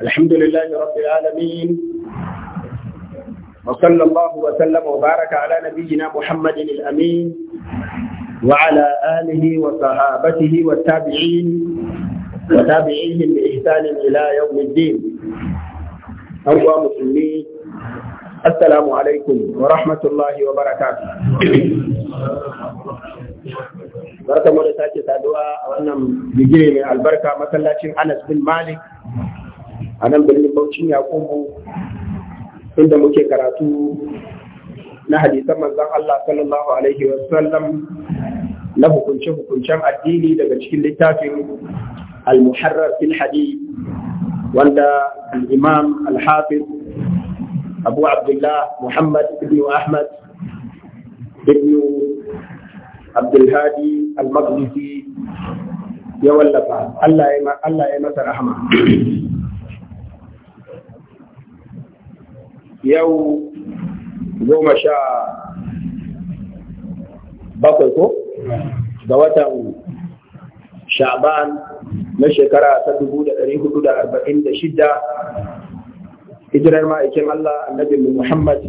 الحمد لله رب العالمين وصلى الله وسلم وبارك على نبينا محمد الأمين وعلى آله وصحابته والتابعين وتابعيهم بإحسان إلى يوم الدين أرواح مسلمين السلام عليكم ورحمة الله وبركاته barka mu da sake saduwa a wannan bigire mai albarka masallacin Anas bin Malik a nan birnin Bauchin Yakubu inda muke karatu na hadisan manzon Allah sallallahu alaihi wa sallam na hukunce-hukuncen addini daga cikin littafin al-muharrar fil hadith wanda al-imam al-hafiz Abu Abdullah Muhammad ibn Ahmad ibn Abdulhadi al-Maqdisi ya wallafa Allah ya masa Rahma" yau goma sha bakwai ko ga watan sha'ban na shekara ta dubu da da da hudu arba'in shida, hijirar ma'aikin Allah annabi Muhammad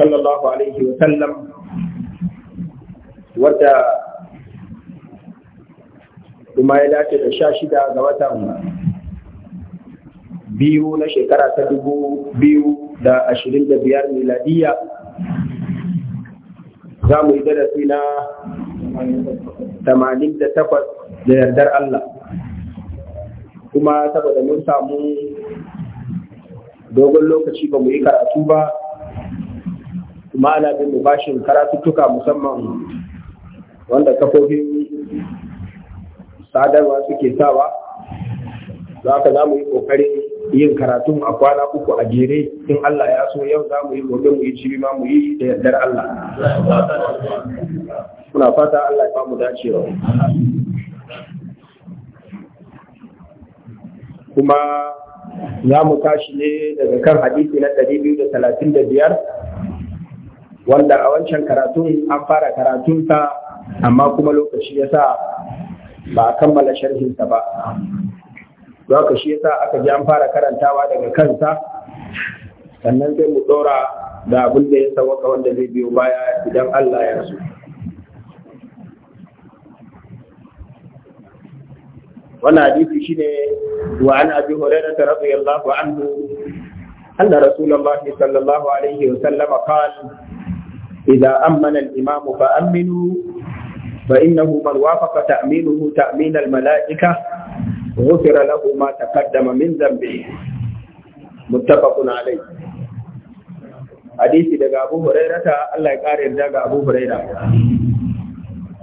sallallahu alaihi wa sallam wata kuma ya dace da sha shida ga watan biyu na shekara ta dubu biyu da ashirin da biyar miladiya za mu yi darasi na tamanin da takwas da yardar Allah kuma saboda mun samu dogon lokaci ba mu yi karatu ba kuma ana bin mu bashin karatuttuka musamman wanda kafofin sadarwa suke sawa za ka za mu yi ƙoƙarin yin karatu a kwana uku a jere in Allah ya so yau za mu yi gobe mu yi cibi ma mu yi da yardar Allah. Muna fata Allah ya ba mu dacewa. Kuma za mu tashi ne daga kan hadisi na ɗari biyu da da biyar, wanda a wancan karatun an fara ta. amma kuma lokaci ya sa ba a kammala sharhinsa ba ka shi yasa aka ji an fara karantawa daga kansa sannan sai mu tsora da abin da ya sauka wanda zai biyo baya idan Allah ya rasu wannan hadisi shine wa an abi hurairah radiyallahu anhu anna rasulullah sallallahu alaihi wa sallam qala idza amana al-imam fa aminu فإنه من وافق تأمينه تأمين الملائكة غفر له ما تقدم من ذنبه متفق عليه hadisi daga Abu Huraira ta Allah ya kare yarda ga Abu Huraira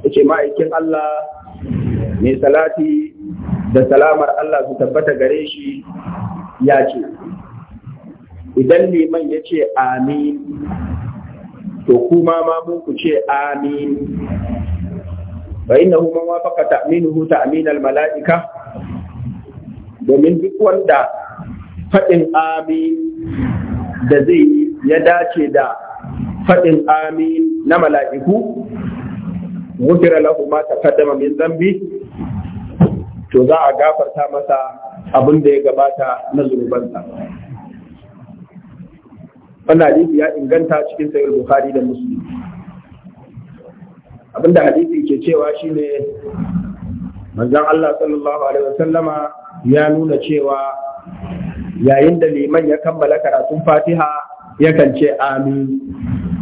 yace ma'aikin Allah mai salati da salamar Allah su tabbata gare shi ya ce idan liman ya ce amin to kuma ma mun ku ce amin fa innahu man wafaqa ta'minuhu ta'min al-mala'ika domin duk wanda faɗin amin da zai ya dace da faɗin amin na mala'iku gufira lahu ma taqaddama min zambi to za a gafarta masa abin da ya gabata na zunubansa wannan hadisi ya inganta cikin sayar bukhari da muslim abinda hadisi ke cewa shine manzon Allah sallallahu alaihi wasallama ya nuna cewa yayin da liman ya kammala karatun Fatiha yakan ce amin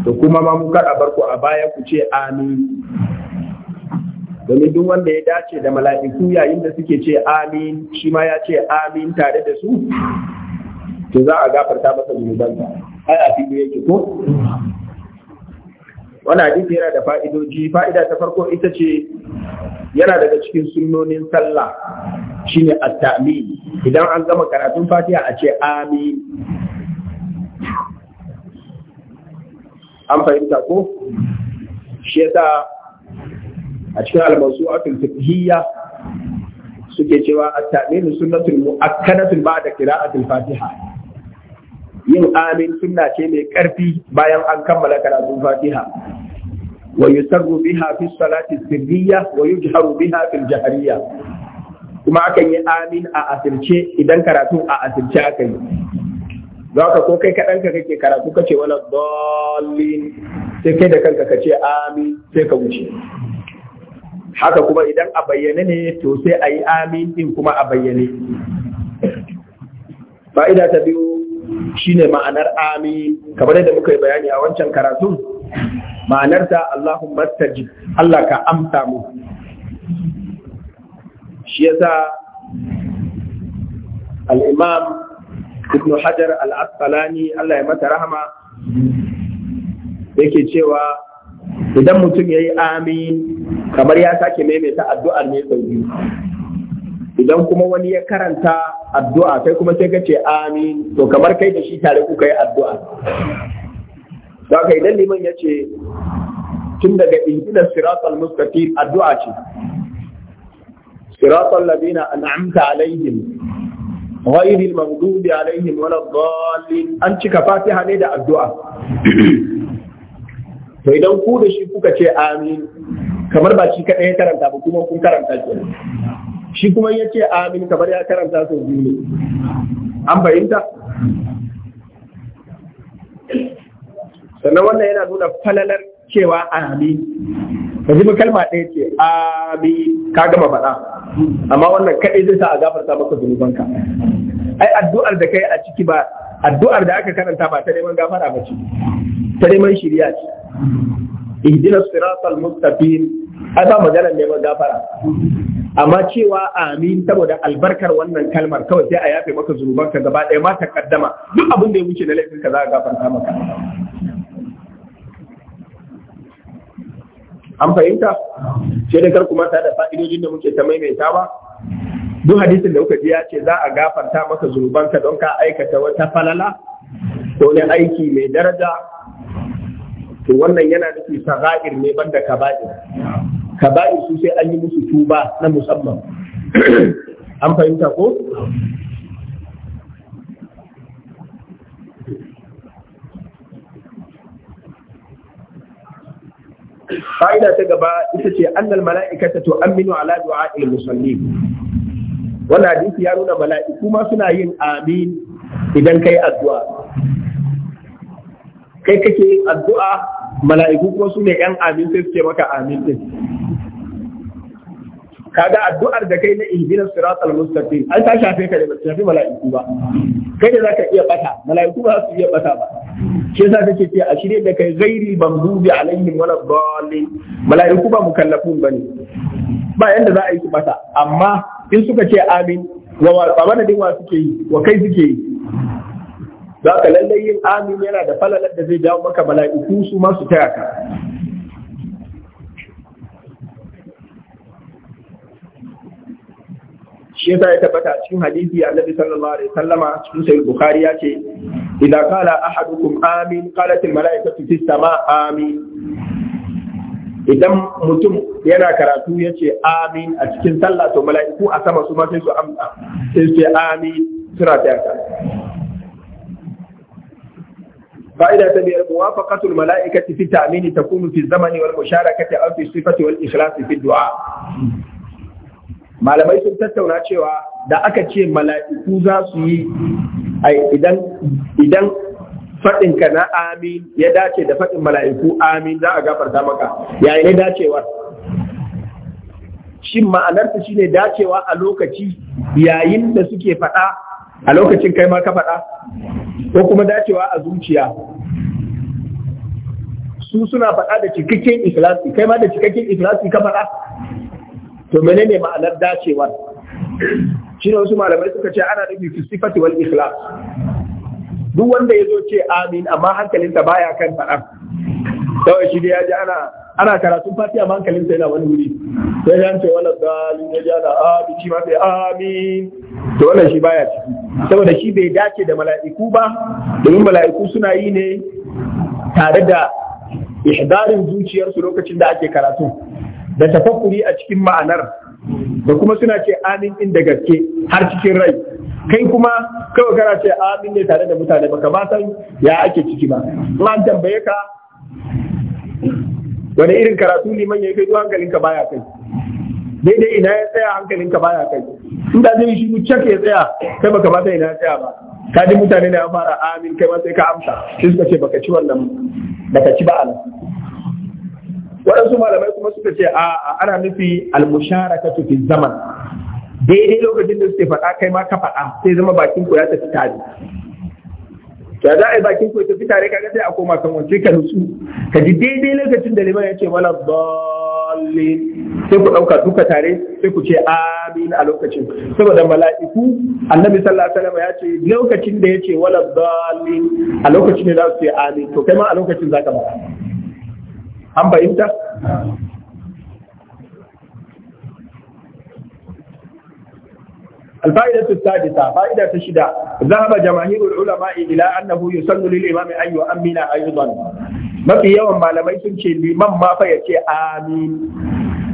to kuma ma mu kar a barku a baya ku ce amin domin duk wanda ya dace da mala'iku yayin da suke ce amin shi ma ya ce amin tare da su to za a gafarta masa zunubansa ai a fili yake ko Wani hadisi yana da fa'idoji, fa'ida ta farko ita ce yana daga cikin sunonin sallah Shi ne tamin Idan an gama karatun Fatiha a ce amin. An fahimta ko? Shi yasa a cikin a mawsuatul fiqhiyya suke cewa at-ta'min sunnatul mu'akkadatul ba'da qira'atil Fatiha. yin amin sunna ce mai ƙarfi bayan an kammala karatun fatiha wa yusarru biha fi salati sirriya wa yujharu biha fil jahriya kuma akan yi amin a asirce idan karatu a asirce aka yi za ka ko kai kaɗan ka kake karatu ka ce wala dallin sai kai da kanka ka ce amin sai ka wuce haka kuma idan a bayyane ne to sai a yi amin din kuma a bayyane fa'ida ta biyu shine ma'anar amin kamar yadda muka yi bayani a wancan karatun ma'anarta Allahumma tajib Allah ka amsa mu shi yasa al-imam ibn hajar al Allah ya mata rahama yake cewa idan mutum ya yi amin kamar ya sake maimaita addu'ar ne sau biyu idan kuma wani ya karanta addu'a kai kuma sai ka ce amin to kamar kai da shi tare kuka yi addu'a Saka idan liman ya ce tun daga ihdinas siratal mustaqim addu'a ce siratal ladina an'amta alaihim ghayril maghdubi alaihim waladdallin an cika fatiha ne da addu'a to idan ku da shi kuka ce amin kamar ba shi kadai ya karanta ba kuma kun karanta kenan shi kuma ya ce amin kamar ya karanta sau biyu ne an fahimta sannan wannan yana nuna falalar cewa amin ka ji kalma ɗaya ce amin ka gama faɗa amma wannan kaɗai zai sa a gafarta maka zunubanka ai addu'ar da kai a ciki ba addu'ar da aka karanta ba ta neman gafara ba ce ta neman shirya ce ihdina siratal mustaqim ai ba maganar neman gafara amma cewa amin saboda albarkar wannan kalmar kawai sai a yafe maka ka gaba ɗaya ma takaddama duk abin da ya wuce na laifinka za a gafarta maka an fahimta sai da kar kuma ta da fa'idojin da muke ta maimaita ba duk hadisin da kuka ji ya ce za a gafarta maka zunubanka don ka aikata wata falala ko ne aiki mai daraja to wannan yana nufi sagair ne banda kaba'ir Ka ba su sai an yi musu tuba na musamman an fahimta ko fa'ida ta gaba ita ce annal mala'ikata to aminu ala il musallin wannan hadisi ya nuna mala'iku ma suna yin amin idan kai addu'a kai kake addu'a mala'iku kuma su ne yan amin sai suke maka amin din kaga addu'ar da kai na ihdinas siratal mustaqim ai ta shafe ka da ba shafe mala'iku ba kai da zaka iya bata mala'iku ba su iya bata ba shi yasa kake ce a shirye da kai ghairi mamdubi alaihim wala dallin mala'iku ba mukallafun bane ba yanda za a yi su bata amma in suka ce amin wa ba din wa suke yi wa kai suke yi za ka lallai yin amin yana da falalar da zai jawo maka mala'iku su ma su taya ka shi yasa ya tabbata cikin hadisi annabi sallallahu alaihi wasallama cikin sahih bukhari ya ce idza qala ahadukum amin qalat al malaikatu fis sama amin idan mutum yana karatu ya ce amin a cikin sallah to mala'iku a sama su ma sai su amsa sai su ce amin suna ta tayarka فإذا تبير موافقة الملائكة في التأمين تكون في الزمن والمشاركة أو في الصفة والإخلاص في الدعاء malamai sun tattauna cewa da aka ce mala'iku za su yi idan idan ka na amin ya dace da faɗin mala'iku amin za a gafarta maka yayin ne dacewar shin ma'anarta shine dacewa a lokaci yayin da suke faɗa a lokacin kai ma ka faɗa ko kuma dacewa a zuciya su suna faɗa da cikakken ikhlasi kai ma da cikakken ikhlasi ka faɗa to menene ma'anar dacewar shi ne wasu malamai suka ce ana nufi fi sifati wal ikhlas duk wanda ya zo ce amin amma hankalinsa baya kan fada kawai shi dai ya ji ana ana karatun fati amma hankalinsa yana wani wuri sai ya ce wannan dalil ya ji ana amin shi ma sai amin to wannan shi baya ciki saboda shi bai dace da mala'iku ba domin mala'iku suna yi ne tare da ihdarin zuciyarsu lokacin da ake karatu da tafakuri a cikin ma'anar da kuma suna ce amin din da gaske har cikin rai kai kuma kawai kana ce amin ne tare da mutane baka ba san ya ake ciki ba an tambaye ka wani irin karatu liman ya kai hankalinka baya kai daidai ina ya tsaya hankalinka baya kai in da zai shi cak ya tsaya kai baka ba san ina ya tsaya ba ka ji mutane ne ya fara amin kai ma sai ka amsa sai suka ce baka ci wannan baka ci ba Allah waɗansu malamai kuma suka ce a ana nufi ka fi zaman daidai lokacin da suke faɗa kai ma ka faɗa sai zama bakin ku ya tafi tare ya za a yi bakin ku ya tafi tare kaga sai a koma kan wance ka nutsu ka ji daidai lokacin da liman ya ce wala dalli sai ku ɗauka duka tare sai ku ce amin a lokacin saboda mala'iku annabi sallallahu alaihi wasallam ya ce lokacin da ya ce wala dalil a lokacin ne za su ce amin to kai ma a lokacin za ka faɗa An fahimta? Alfa'i da ta Sadiya, fa'ida ta shida, zahaba jama'a, hin ula ma'aikila, annabu, Yusuf, Nuri, Limamin, Anyo, Amina, Ayuzon. Mafi yawan malamai sun ce liman ma fa ya "Amin!"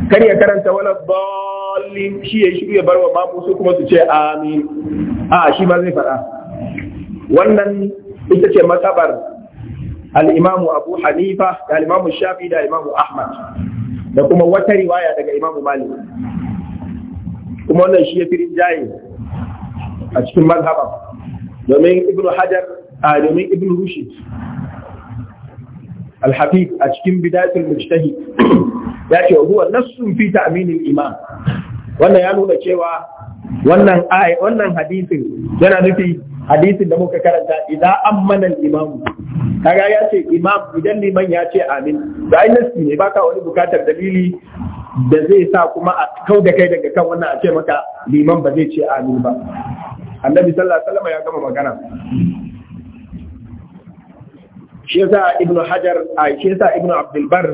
Kar ya karanta wani ball shi ya shiga barwa wa su kuma su ce "Amin!" A'a shi ba zai faɗa. Wannan ita ce matsabar. al-Imam Abu Hanifa da al Shafi da Ahmad da kuma wata riwaya daga Imam Malik kuma wannan shi ya fi rinjaye a cikin mazhaban domin Ibn Hajar a domin Ibn Rushd al a cikin bidayatul mujtahid ya ce huwa nassun fi ta'min al-iman wannan ya nuna cewa wannan ayi, wannan hadisin yana nufi hadisin da muka karanta idan ammana imam kaga ya ce imam idan liman ya ce amin da ai nasi ne baka wani bukatar dalili da zai sa kuma a kau da kai daga kan wannan a ce maka liman ba zai ce amin ba annabi sallallahu alaihi wasallam ya gama magana shi yasa ibnu hajar a shi yasa ibnu abdul bar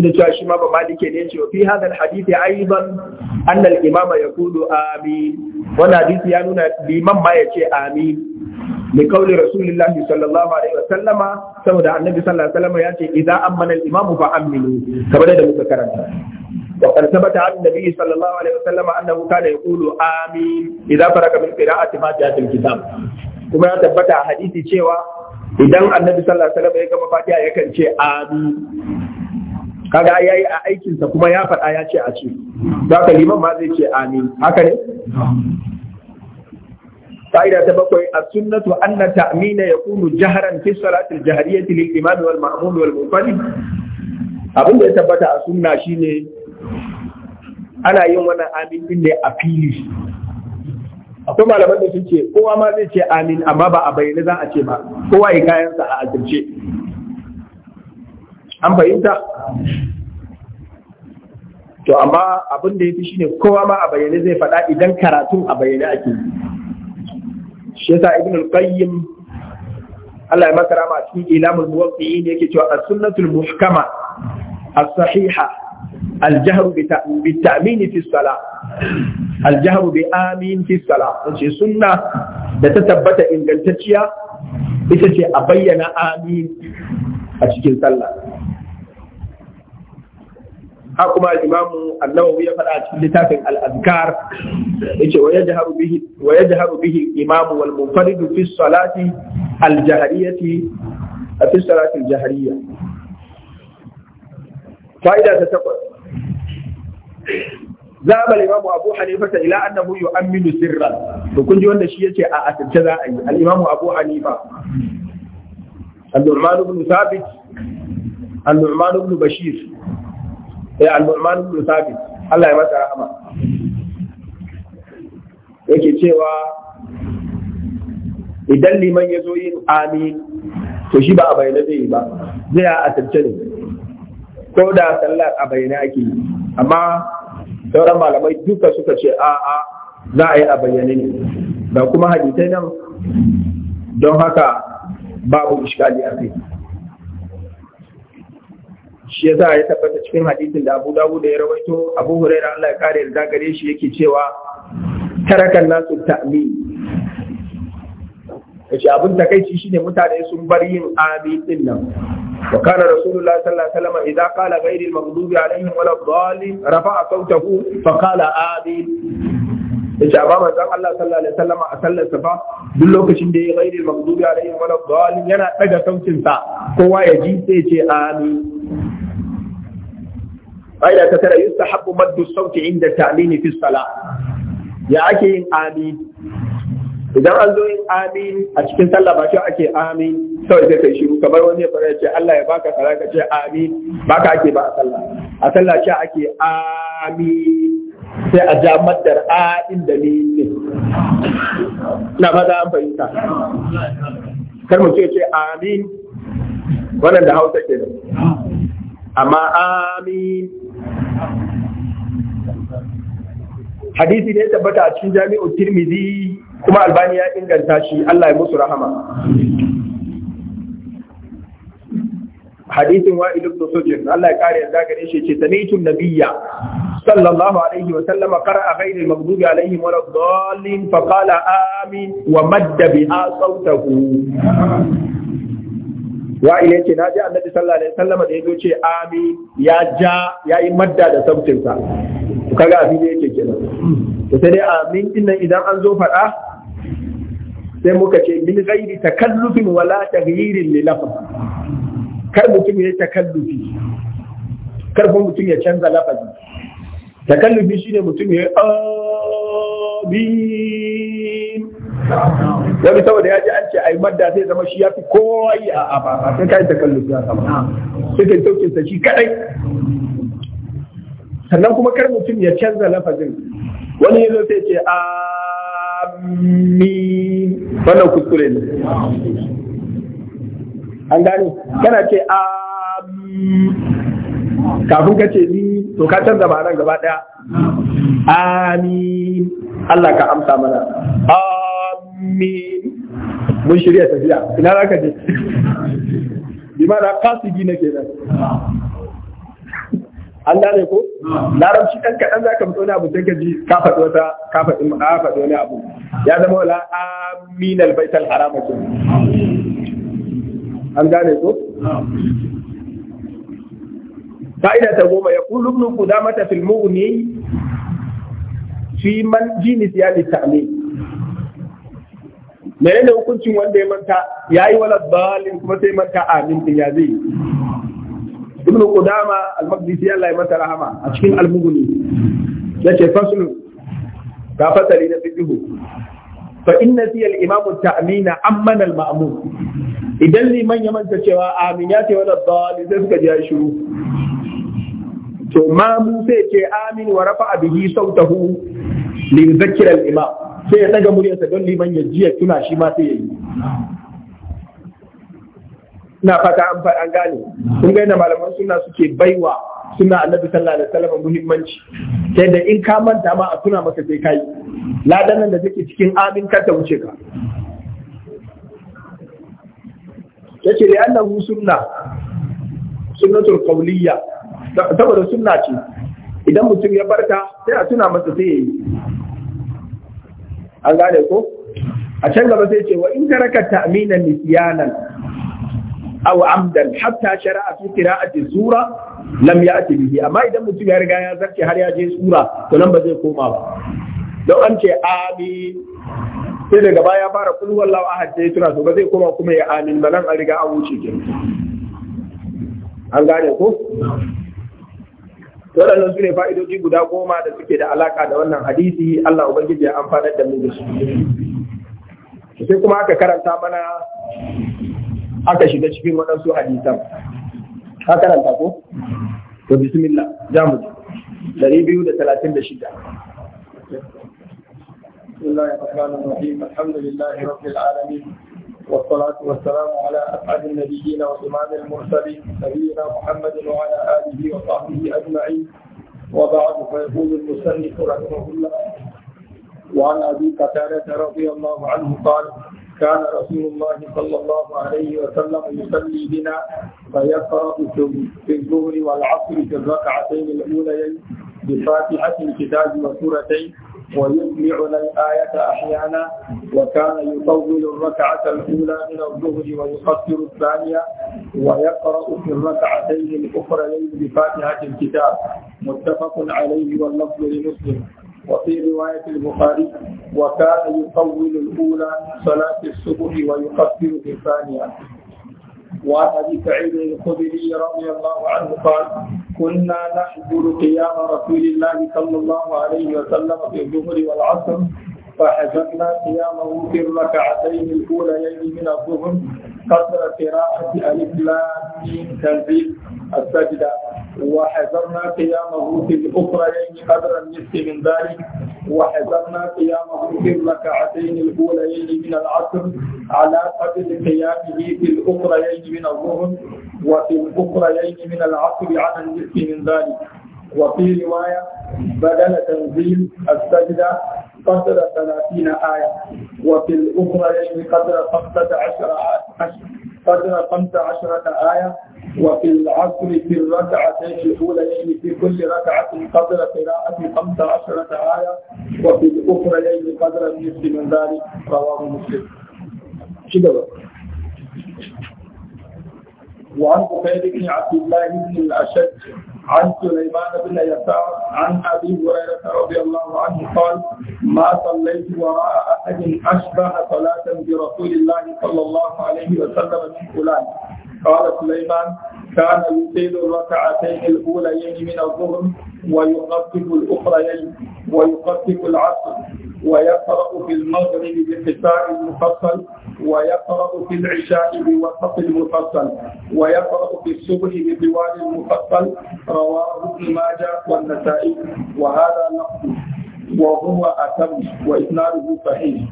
duk da cewa shi ma ba malike ne ce fi hadal hadisi aidan anna al imam yaqulu amin wannan hadisi ya nuna liman ma yace amin li qawli rasulillahi sallallahu alaihi wasallam saboda annabi sallallahu ya ce idan amana al da karanta وقد ثبت عن النبي صلى الله عليه وسلم انه كان يقول امين اذا فرغ من قراءه فاتحه الكتاب kuma ya tabbata a hadisi cewa idan annabi sallallahu alaihi wasallam ya gama fatiha yakan ce amin kaga ya yi a aikinsa kuma ya faɗa ya ce a ce za ka liman ma zai ce amin haka ne fa'ida ta bakwai a sunnatu anna ta'mina yakunu jaharan fi salatil jahriyyati lil imam wal ma'mum wal munfarid abin da ya tabbata a sunna shine ana yin wannan amin din ne a fili akwai malaman da sun ce kowa ma zai ce amin amma ba a bayyane za a ce ba kowa ya kayansa a azirce an fahimta to amma abin da ya fi shi ne kowa ma a bayyane zai faɗa idan karatun a bayyane ake shi yasa ibn al-qayyim Allah ya masa rama cikin ilamul ne yake cewa as-sunnatul muhkama as-sahiha al-jahru bi ta'min fi salah al-jahru bi amin fi salah ce sunna da ta tabbata ingantacciya ita ce a bayyana amin a cikin sallah ha kuma imamu annawawi ya faɗa a cikin littafin al-azkar yace wa yajharu bihi wa yajharu bihi imam wal munfarid fi salati al-jahriyati fi salati al-jahriyya fa'ida ta takwas ذهب الإمام أبو حنيفة إلى أنه يؤمن سرا وكن جوان شيء أتجزى الإمام أبو حنيفة النعمان بن ثابت النعمان بن بشير sai eh, al-Nu'man ibn Allah ya masa rahama yake cewa idan liman yazo yin amin to shi ba a bayyana zai yi ba zai a asirce ne ko da sallar a bayyana ake yi amma sauran malamai duka suka ce a a za a yi a bayyane ne da kuma hadisai nan don haka babu iskali a kai shi yasa ya tabbata cikin hadisin da Abu Dawud da ya rawaito Abu Hurairah Allah ya kare da gare shi yake cewa tarakan nasu ta'min yace abin takeici shine mutane sun bar yin amin din nan wa kana rasulullahi sallallahu alaihi wasallam idza qala ghayril maghdubi alaihim wala dhalin rafa'a sawtahu fa qala amin yace ba manzon Allah sallallahu alaihi wasallam a sallar safa duk lokacin da ya ghayril maghdubi alaihim wala dhalin yana daga sautin sa kowa ya ji sai ce amin da ta tara yustahabbu maddu sauti inda ta'limi fi sala ya ake yin amin idan an zo yin amin a cikin sallah ba shi ake amin shiru kamar wani ya fara ce Allah ya baka kaza ka ce amin baka ake ba a sallah a sallah ce ake amin sai a maddar a inda ne ne fata an fahimta kar mu ce amin wannan da Hausa kenan amma amin hadisi ne tabbata a cikin jami'ar tirmidhi kuma albani ya inganta shi Allah ya musu rahama hadisin wa ibn sujr Allah ya kare yarda gare shi ce sami'tu nabiyya sallallahu alaihi wa sallama qara'a ghayr al-maghdubi alaihim wa ad-dallin fa qala amin wa madda bi'a sawtahu wa'il yace na ji annabi sallallahu alaihi wasallam da yazo ce amin ya ja ya yi madda da sautin sa to kaga abin da yake kenan to sai dai amin din nan idan an zo fada sai muka ce min ghairi takallufin wala taghyirin li lafz kar mutum ya takallufi kar kuma mutum ya canza lafazi takallufi shine mutum ya amin wani saboda ya ji an ce ai madda sai zama shi ya fi kowa yi a ba sai kai ta kallo ya sama sai kai sa shi kadai sannan kuma kar mutum ya canza lafazin wani yazo sai ce mi wannan kuskure ne an gane kana ce a kafin ka ce ni to ka canza nan gaba daya amin Allah ka amsa mana mun shirya tafiya ina za ka je bi ma da fasigi na ke nan an ne ko larabci kan kaɗan za ka mutu wani abu sai ka ji ka faɗi wata ka faɗi faɗi wani abu ya zama wala amin albait harama ke an gane ko fa'ida ta goma ya kullu ibn qudamah fil mughni fi man jinis ya li ta'min ne hukuncin wanda ya manta yayi wala dalil kuma sai manta amin din ya zai ibn qudama al-maqdisi Allah ya rahama a cikin al-mughni yace faslu ga fasali na fiqhu fa inna fi al-imamu ta'mina amman al-ma'mum idan liman ya manta cewa amin ya ce wala dalil sai suka ji ya shiru to mamu sai ce amin wa rafa'a bihi sautahu li yuzakkira al-imam sai ya daga muryarsa don liman ya jiya tuna shi ma sai ya yi ina fata an an gane kun ga yadda malaman suna suke baiwa suna annabi sallallahu alaihi wasallam muhimmanci sai da in ka manta ma a tuna maka sai kai ladan nan da take cikin amin ka ta wuce ka yace da hu sunna sunnatul qawliya saboda sunna ce idan mutum ya barka sai a tuna masa sai ya yi an gane ko a can gaba sai ce wa in taraka ta'minan nisyanan aw amdan hatta shara'a fi qira'ati sura lam ya'ti bihi amma idan mutum ya riga ya zarce har ya je sura to nan ba zai koma ba don an ce amin sai daga baya fara kul wallahu ahad sai tura to ba zai koma kuma ya amin ba nan an riga an wuce ke an gane ko waɗannan su ne fa'idoji guda goma da suke da alaka da wannan hadisi Allah Ubangiji ya amfanar da mu da su. Sai kuma aka karanta mana aka shiga cikin waɗansu hadisan. Ka karanta ko? To bismillah, za mu ji. Dari biyu da talatin da shida. بسم الله الرحمن الرحيم Alhamdulillah, لله رب والصلاة والسلام على أسعد النبيين وإمام المرسلين نبينا محمد وعلى آله وصحبه أجمعين وبعد فيقول المسلم رحمه الله وعن أبي قتادة رضي الله عنه قال كان رسول الله صلى الله عليه وسلم يصلي بنا فيقرأ في الظهر والعصر في الركعتين الأوليين بفاتحة الكتاب وسورتين ويسمعنا الآية أحيانا وكان يطول الركعة الأولى من الظهر ويقصر الثانية ويقرأ في الركعتين الأخريين بفاتحة الكتاب متفق عليه واللفظ لمسلم وفي رواية البخاري وكان يطول الأولى من صلاة الصبح ويقصر في الثانية وعن ابي سعيد الخدري رضي الله عنه قال كنا نحضر قيام رسول الله صلى الله عليه وسلم في الظهر والعصر فحجبنا قيامه في الركعتين الاوليين من الظهر قدر قراءه الف لام تنزيل السجده وحذرنا قيامه في الاخريين قدر النصف من ذلك وحسبنا قيامه في الركعتين الأوليين من العصر على قدر قيامه في الأخريين من الظهر وفي الأخريين من العصر على النصف من ذلك وفي رواية بدل تنزيل السجدة قدر ثلاثين آية وفي الأخريين قدر خمسة عشر قدر خمسة عشرة آية وفي العصر في الركعتين الأولين في كل ركعة قدر قراءة 15 آية وفي الأخرين قدر النصف من ذلك رواه مسلم. شكرا. وعن بخير بن عبد الله بن الأشد عن سليمان بن يسار عن أبي هريرة رضي الله عنه قال ما صليت وراء أحد أشبه صلاة برسول الله صلى الله عليه وسلم من فلان قال سليمان كان يصيد الركعتين الأوليين من الظهر ويخفف الأخريين ويخفف العصر ويقرأ في المغرب بحساء مفصل ويقرأ في العشاء بوسط مفصل ويقرأ في الصبح بطوال مفصل رواه ابن ماجه والنسائي وهذا نقص وهو أتم وإسناده صحيح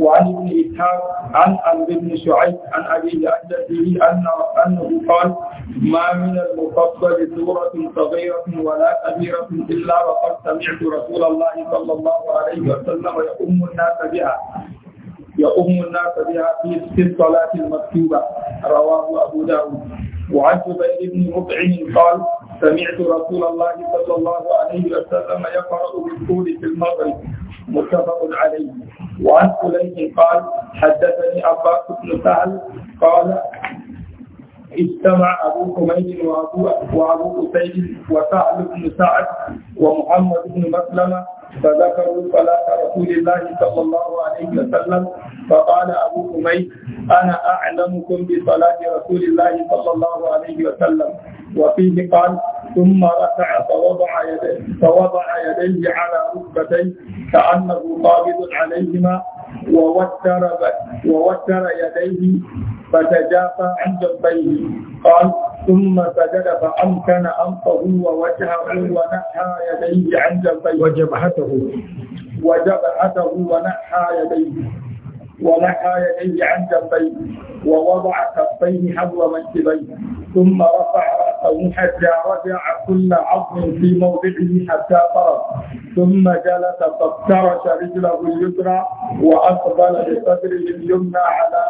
وعن ابن إسحاق عن عمرو بن شعيب عن أبي أحدثه أن أنه قال ما من المفضل سورة صغيرة ولا كبيرة إلا وقد سمعت رسول الله صلى الله عليه وسلم يؤم الناس بها يؤم الناس بها في الصلاة المكتوبة رواه أبو داود وعن جبير بن مطعم قال سمعت رسول الله صلى الله عليه وسلم يقرأ بالطول في المغرب متفق عليه وعن سليم قال حدثني عباس بن سهل قال اجتمع أبو حميد وأبو وأبو أسيد وسعد بن سعد ومحمد بن مسلمة فذكروا صلاة رسول الله صلى الله عليه وسلم فقال أبو حميد أنا أعلمكم بصلاة رسول الله صلى الله عليه وسلم وفيه قال ثم ركع فوضع يديه فوضع يديه على ركبتيه كأنه قابض عليهما ووتر ووتر يديه فتجافى عن جنبيه قال ثم سجد فأمكن أنفه ووجهه ونحى يديه عن جنبيه وجبهته وجبهته ونحى يديه ونحى يديه عن جنبيه ووضع كفيه حول منكبيه ثم رفع رأسه حتى رجع كل عظم في موضعه حتى فرغ ثم جلس فافترش رجله اليسرى وأقبل بصدره اليمنى على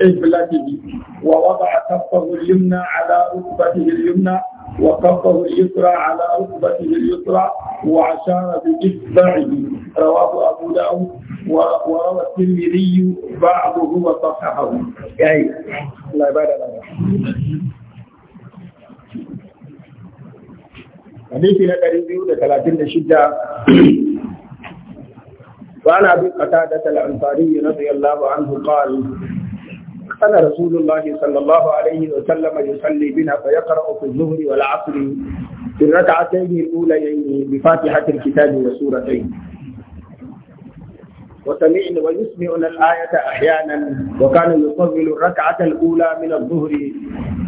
قبلته ووضع كفه اليمنى على ركبته اليمنى وقبضه اليسرى على ركبته اليسرى وعشان بإصبعه رواه أبو داود وروى الترمذي بعضه وصححه أي يعني لا بارك حديثي نقري بيو ده 36 وعن أبي قتادة الأنصاري رضي الله عنه قال كان رسول الله صلى الله عليه وسلم يصلي بنا فيقرأ في الظهر والعصر في الركعتين الأوليين بفاتحة الكتاب وسورتين وسمعنا ويسمعنا الآية أحيانا وكان يطول الركعة الأولى من الظهر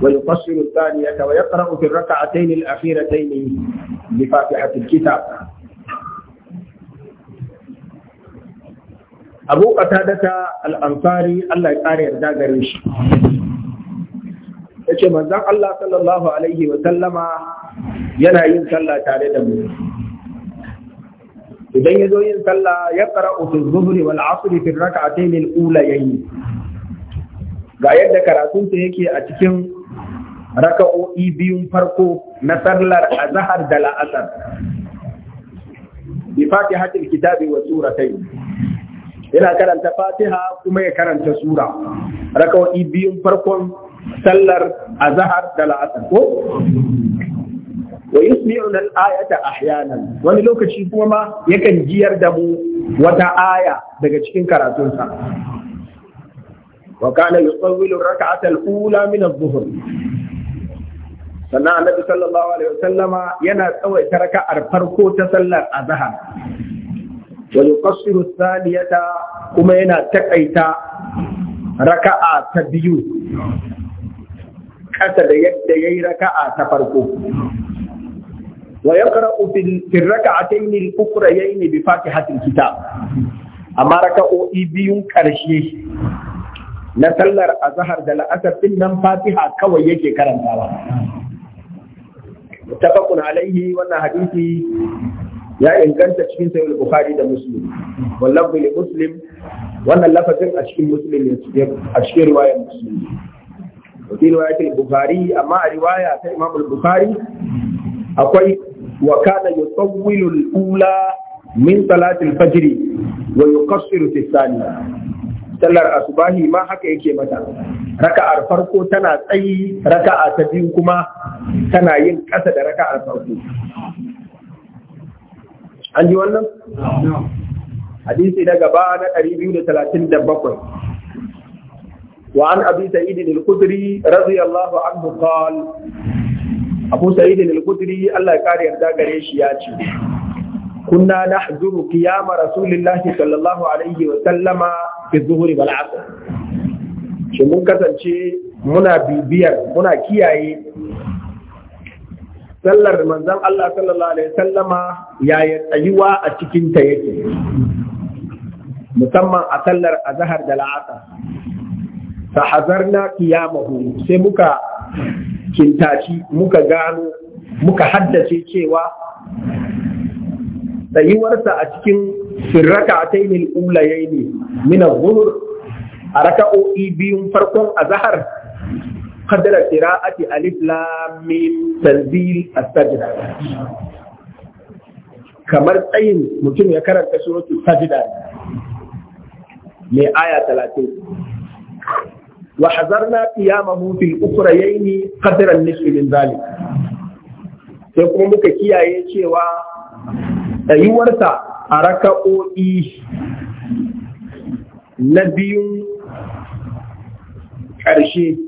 ويقصر الثانية ويقرأ في الركعتين الأخيرتين بفاتحة الكتاب abu qatadata al-ansari Allah ya yarda gare shi ce manzan Allah sallallahu alaihi wasallama yana yin sallah tare da mu idan ya zo yin sallah ya zubri fi zuhuri wal 'asr fi ula ya yi. ga yadda karatun yake a cikin raka'o'i biyun farko na sallar a zahar da la'asar bi fatihatil kitabi wa yi yana karanta fatiha kuma ya karanta sura rakawai biyun farkon sallar azahar da la'asar ko wa yau na ayata ahyanan wani lokaci kuma ma yakan jiyar da mu wata aya daga cikin karatunsa wa kana yusawwilu ar ula min adh-dhuhr sannan annabi sallallahu alaihi wasallama yana tsawaita raka'ar farko ta sallar azhar wa yuqassiru thaniyata kuma yana takaita raka'a ta biyu kasa da yadda yayi raka'a ta farko wa yaqra'u fil ya yi ukhrayayn bi fatihatil kitab amma raka'o'i biyun karshe na sallar azahar da la'asar din nan fatiha kawai yake karantawa mutafaqun alaihi wannan hadisi ya inganta cikin sahih bukhari da muslim wallahu li muslim wannan lafazin a cikin muslim ne a cikin riwayar muslim في رواية البخاري أما رواية Akwai البخاري أقول وكان يطول الأولى من صلاة الفجر ويقصر في الثانية sallar asubahi ma haka yake mata raka'ar farko tana tsayi raka'a ta biyu kuma tana yin ƙasa da raka'ar farko An ji wannan? Hadisi na gaba na ɗari biyu da talatin da bakwai. Wa an abi sa'idin al-Qudri radiyallahu anhu qal Abu sa'idin al-Qudri Allah ya kare yarda gare shi ya ce kunna nahzuru qiyam rasulillah sallallahu alaihi wa sallama fi dhuhri wal 'asr shi mun kasance muna bibiyar muna kiyaye sallar manzon Allah sallallahu alaihi sallama yaya tsayuwa a cikin yake musamman a sallar zahar da la'asar fa hazarna kiyamahu, sai muka kintaci muka gano muka haddace cewa tsayuwarsa a cikin firraka ta yi ulayai ne mina gunur, a raka'o'i biyun farkon azahar قدر قراءة ألف لام ميم تنزيل السجدة kamar tsayin mutum ya karanta suratu sajda mai aya talatin wa hazarna qiyamahu fil ukhrayayn qadra nisfi min zalik sai kuma muka kiyaye cewa tsayuwarsa a raka'o'i na biyun ƙarshe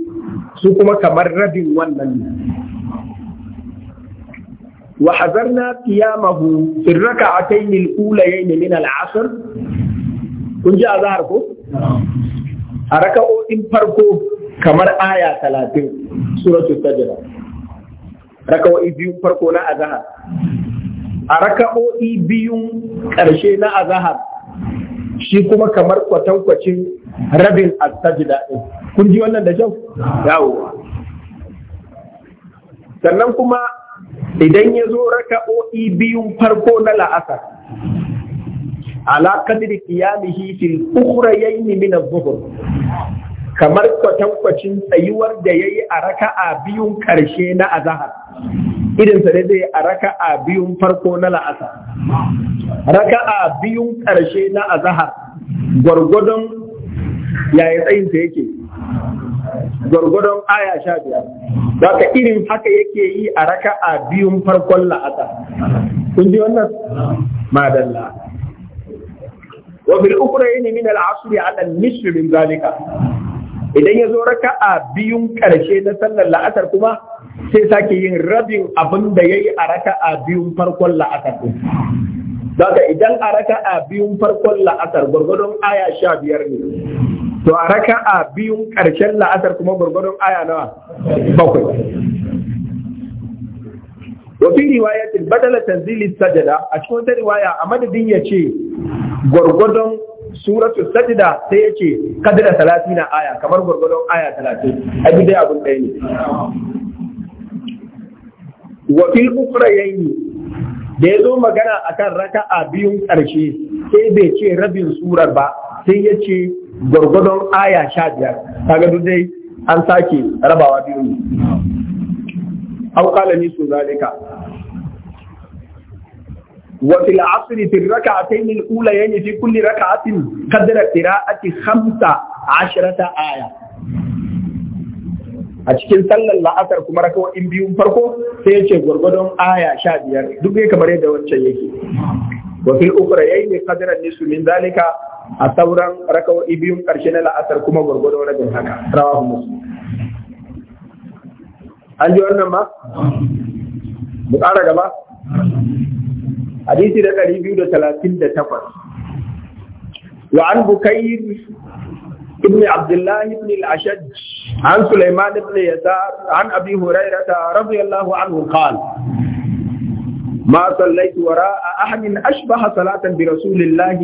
su kuma kamar rabin wannan ne wa hazarna qiyamahu fi rak'atayn al-ulayayn min al-'asr kun ji azhar ko a raka raka'o'in farko kamar aya 30 suratul sajda raka'o'i biyu farko na azhar a raka'o'i biyun ƙarshe na azahar shi kuma kamar kwatankwacin rabin asajida ɗin kun ji wannan da kyau yawowa sannan kuma idan ya zo raka raka'o'i biyun farko na la'asar ala kadri qiyamihi fil ukhrayayn min adh-dhuhr kamar kwatankwacin tsayuwar da ya yi a raka'a biyun ƙarshe na azahar irinsa da zai a raka'a biyun farko na la'asa raka'a biyun ƙarshe na azahar gwargwadon yaya tsayinsa yake gwargwadon aya sha biyar za ka irin haka yake yi a raka'a biyun farkon la'asa kun ji wannan madalla wa bil ukhra min al-asri ala nisfi min zalika idan ya zo raka'a biyun ƙarshe na sallar la'asar kuma sai sake yin rabin abin da ya yi a raka'a biyun farkon la'asar ɗin. Daga idan a raka'a biyun farkon la'asar gwargwadon aya sha biyar ne, to a raka'a biyun ƙarshen la'asar kuma gwargwadon aya nawa bakwai. Wafi riwaya badala tanzili sajada a cikin wata riwaya a madadin ya ce gwargwadon suratul sajda sai yace kadra 30 aya kamar gurgurdon aya 30 ai dai abun dai ne wa fil ukrayni da yazo magana akan raka'a biyun ƙarshe sai bai ce rabin surar ba sai yace gurgurdon aya 15 kaga duk dai an sake rabawa biyu ne au qala ni su zalika وفي العصر في الركعتين الأوليين في كل ركعة قدر قراءة خمسة عشرة آية a cikin sallar la'asar kuma in biyun farko sai ce gwargwadon aya sha biyar duk ne kamar yadda wancan yake wa fil ukhra yayni qadran nisu min zalika a sauran raka'o'i biyun karshe na la'asar kuma gwargwadon rabin haka rawahu muslim an ji wannan ma mu ƙara gaba hadisi da 238 wa an bukayr ibn abdullah ibn al-ashaj an sulaiman ibn Yazar an abi hurairah radiyallahu anhu qala ما صليت وراء أحد أشبه صلاة برسول الله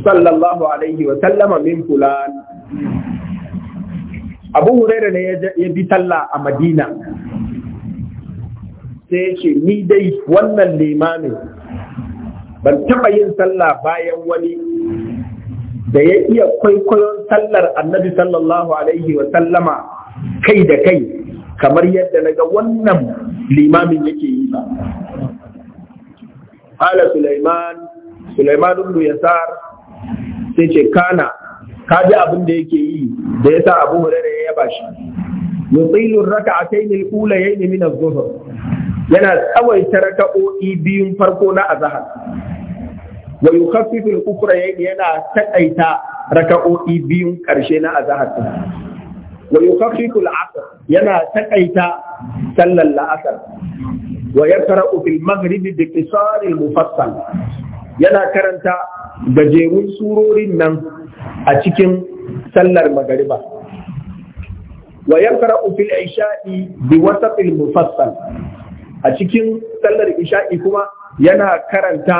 صلى الله عليه وسلم من فلان abu huraira ne ya bi talla a madina sai ce ni dai wannan limamin ban taɓa yin sallah bayan wani da ya iya kwaikwayon sallar annabi sallallahu alaihi wa sallama kai da kai kamar yadda na ga wannan limamin yake yi ba. Ala Sulaiman, Sulaiman Ibn Yasar sai ce kana ka ji abin da yake yi da ya sa Abu Hurairah ya yaba shi. Yutsilu raka'atayn al-ulayayn min az-zuhr yana tsawaita raka'o'i biyun farko na azhar wa yukhaffifu al-ukhra yana takaita raka'o'i biyun karshe na azhar wa yukhaffifu al-'asr yana takaita sallar la'asar wa yaqra'u fil maghrib bi qisar al-mufassal yana karanta gajerun surorin nan a cikin sallar magariba wa yaqra'u fil isha'i bi wasat al-mufassal a cikin sallar isha'i kuma yana karanta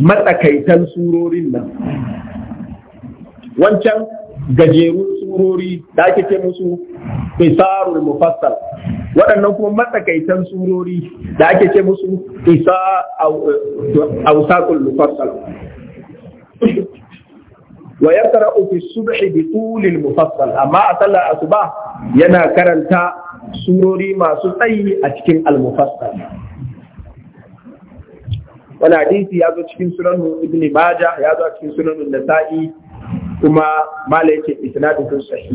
matsakaitan surorin nan wancan gajerun surori da ake ce musu isarul mufassal waɗannan kuma matsakaitan surori da ake ce musu isa ausaqul mufassal wa yaqra'u fi subhi bi tulil mufassal amma a sallar asuba yana karanta surori masu tsayi a cikin al-mufassal wani hadisi ya zo cikin sunan ibn maja ya zo cikin sunan nasa'i kuma mala yake isnadun sahih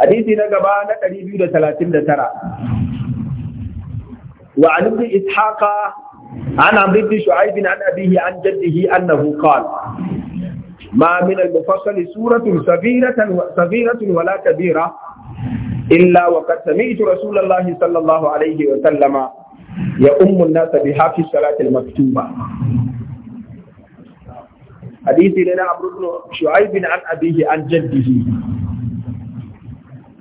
hadisi na gaba na 239 Wa ابن Ishaqa, ana عمرو بن شعيب عن أبيه عن جده أنه قال ما من المفصل سورة صغيرة صغيرة ولا كبيرة إلا وقد سمعت رسول الله صلى الله عليه وسلم أم الناس بها في الصلاة المكتوبة حديث لنا عمرو بن شعيب عن أبيه عن جده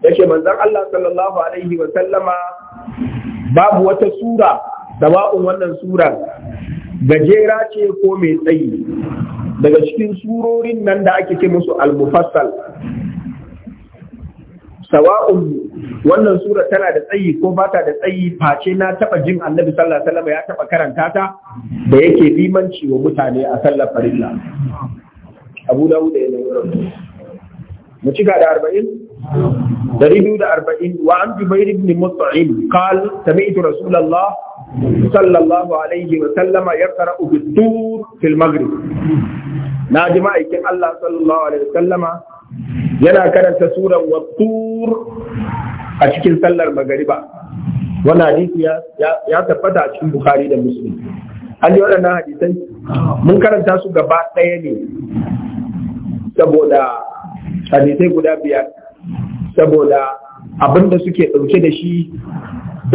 yake manzon Allah sallallahu alaihi wa sallama babu wata sura sawa'un wannan sura gajera ce ko mai tsayi daga cikin surorin nan da ake ce musu al-mufassal sawa'un wannan sura tana da tsayi ko ba ta da tsayi face na taba jin annabi sallallahu alaihi wasallam ya taba karanta ta da yake limanci wa mutane a sallar farilla Abu Dawud ya nuna mu cika da 40 240 wa an Jubair ibn Mut'im qal sami'tu Rasulullah sallallahu alaihi wa sallama ya kara في المغرب maghrib na ji ma'aikin Allah sallallahu alaihi wa sallama yana karanta suran wattur a cikin sallar magariba wannan hadisi ya tabbata a cikin bukhari da muslim an ji waɗannan hadisai mun karanta su gaba ɗaya ne saboda hadisai guda biyar saboda abin da suke ɗauke da shi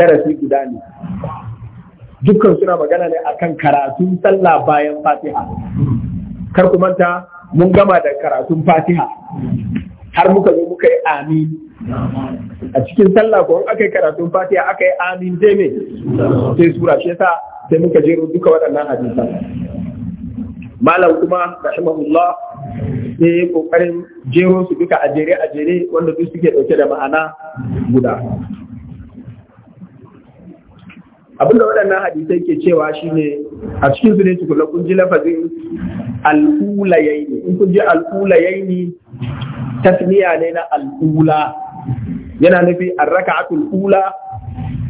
darasi guda ne dukkan suna magana ne akan karatun sallah bayan fatiha kar ku manta mun gama da karatun fatiha har muka zo muka yi amin a cikin sallah ko aka yi karatun fatiha aka yi amin sai me sai sura shi yasa sai muka jero duka waɗannan hadisa. malam kuma rahimahullah sai ya kokarin jero su duka a jere a jere wanda duk suke dauke da ma'ana guda abinda waɗannan hadisai ke cewa shine a cikin su ne tukula kun ji lafazin ne in kun ji tasniya ne na al'ula yana nufi arraka'atul ula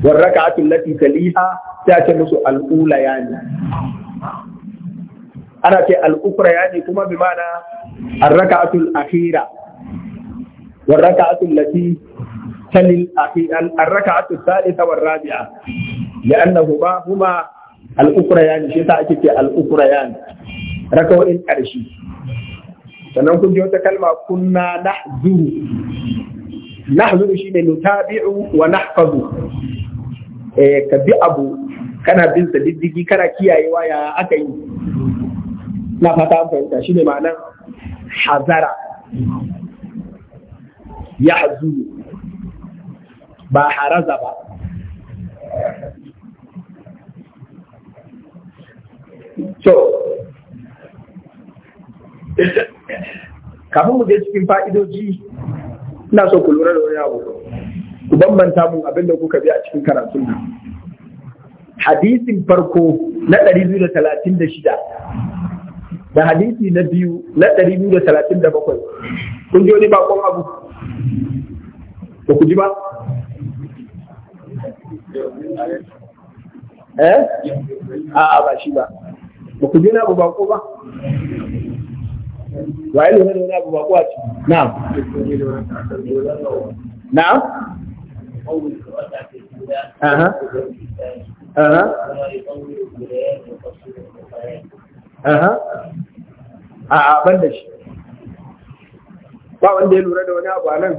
war raka'atul lati taliha ta ce musu al'ula ya ne ana ce ne kuma bi mana arraka'atul akhira war raka'atul lati talil akhira arraka'atul thalitha war rabi'a li'annahu ba huma al-ukrayan shi yasa ake ce al-ukrayan rakawoyin ƙarshe sannan kun ji wata kalma kunna nahzuru nahzuru shine nutabi'u wa nahfazu eh ka bi abu kana bin sa diddigi kana kiyayewa ya aka yi na fata an fahimta shine ma'anar hazara yahzuru ba haraza ba So, kafin mu je cikin fa'idoji ina so ku lura da wani abu ku bambanta mun abinda kuka bi a cikin karatun nan hadisin farko na 236 da hadisi na biyu na 237 kun ji wani bakon abu ba ku ji ba eh a ba shi ba ba ku ji na bako ba wa ilu hana wani abu bako a ci Na. Na. aha aha aha a a ban da shi ba wanda ya lura da wani abu a nan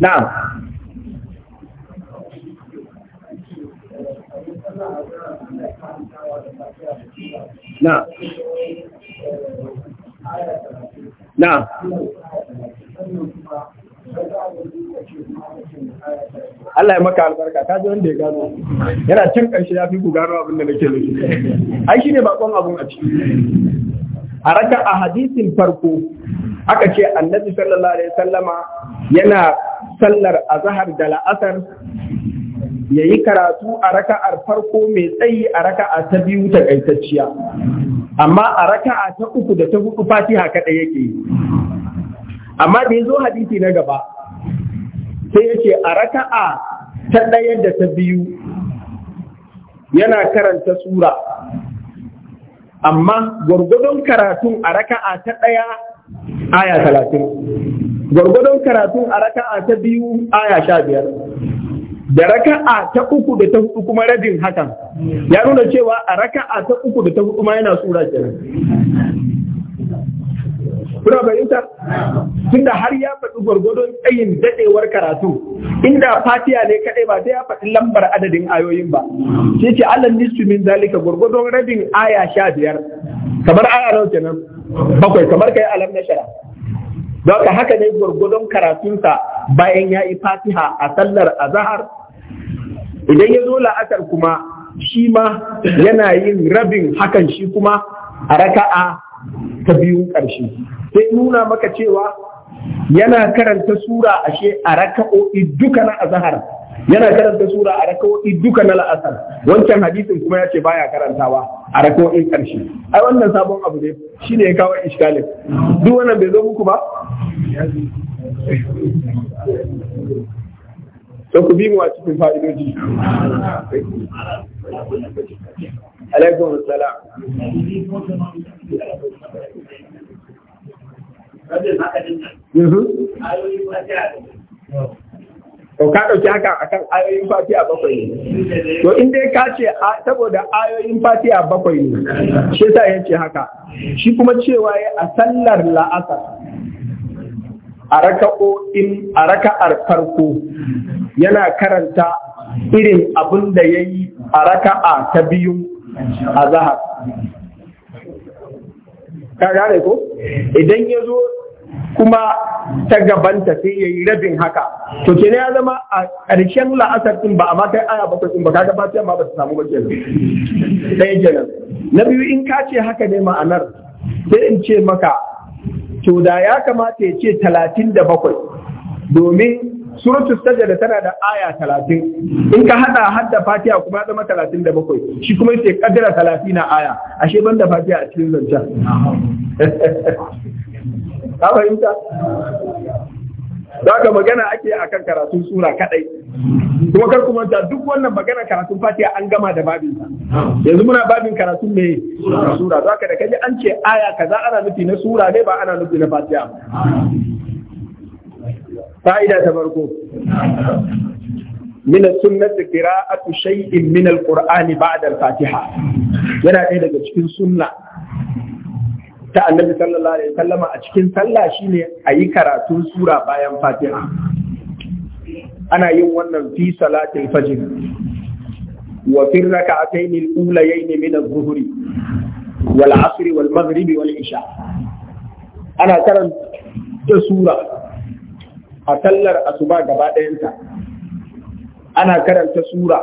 Na. na Allah ya maka albarka ka ji wanda ya gano yana cin ƙarshe ya fi ku gano abin da nake nufi ai shine bakon abun a ciki a raka a hadisin farko aka ce annabi sallallahu alaihi sallama yana sallar azhar da la'asar ya yi karatu a raka'ar farko mai tsayi a raka'a ta biyu ta kaitacciya amma a raka'a ta uku da ta hudu fatiha kaɗai yake amma da ya zo hadisi na gaba sai ya ce a raka'a ta ɗaya da ta biyu yana karanta sura amma gwargwadon karatun a raka'a ta ɗaya aya talatin gwargwadon karatun a raka'a ta biyu aya sha biyar da raka'a ta uku da ta hudu kuma rabin hakan ya nuna cewa a raka'a ta uku da ta hudu ma yana sura nan kuna bayyanta tunda har ya faɗi gwargwadon tsayin daɗewar karatu inda fatiya ne kaɗai ba sai ya faɗi lambar adadin ayoyin ba shi ce allan nisu min zalika gwargwadon rabin aya sha biyar kamar aya nawa kenan bakwai kamar kai alam na shara don haka ne gwargwadon karatunsa bayan ya yi fatiha a sallar azahar idan ya zo la'asar kuma shi ma yana yin rabin hakan shi kuma a raka'a ta biyun ƙarshe sai nuna maka cewa yana karanta sura ashe a raka'o'i duka na azahar, yana karanta sura a raka'o'i duka na la'asar wancan hadisin kuma ya ce baya karantawa a raka'o'in ƙarshe ai wannan sabon abu ne shine ya kawo iskalin duk wannan bai zo muku ba don ku bi mu a cikin fa'idoji alaikum salam mhm. To ka ɗauki haka kan ayoyin fati a bakwai ne. To in dai ka ce saboda ayoyin fati a bakwai ne, shi sa ya ce haka. Shi kuma cewa ya a sallar la'asar a raka'o'in a raka'ar farko yana karanta irin abin da ya yi a raka'a ta biyu a zahar ka gane ko idan ya zo kuma ta gabanta sai ya yi rabin haka to kenan ya zama a ƙarshen la'asar ɗin ba a ma kai aya bakwai ɗin ba kaga fatiha ma ba ta samu ba kenan ɗaya kenan na biyu in ka ce haka ne ma'anar sai in ce maka to da ya kamata ya ce talatin da bakwai domin suratul sajda tana da aya 30 in ka hada hadda fatiha kuma ya zama 37 shi kuma yake kaddara 30 na aya ashe banda fatiha a cikin zancen ka fahimta za ka magana ake a kan karatun sura kadai kuma kar kuma manta duk wannan magana karatun fatiha an gama da babin yanzu muna babin karatun ne sura za ka da kaji an ce aya kaza ana nufi na sura ne ba ana nufi na fatiha fa'ida ta farko min sunnati qira'atu shay'in min al-qur'ani ba'da al-fatiha yana ɗaya daga cikin sunna ta annabi sallallahu alaihi wasallama a cikin sallah shine ayi karatun sura bayan fatiha ana yin wannan fi salatil fajr wa fi rak'atayn al-ulayayn min adh-dhuhr wal 'asr wal maghrib wal isha ana karanta sura a sallar asuba gaba ɗayanta ana karanta sura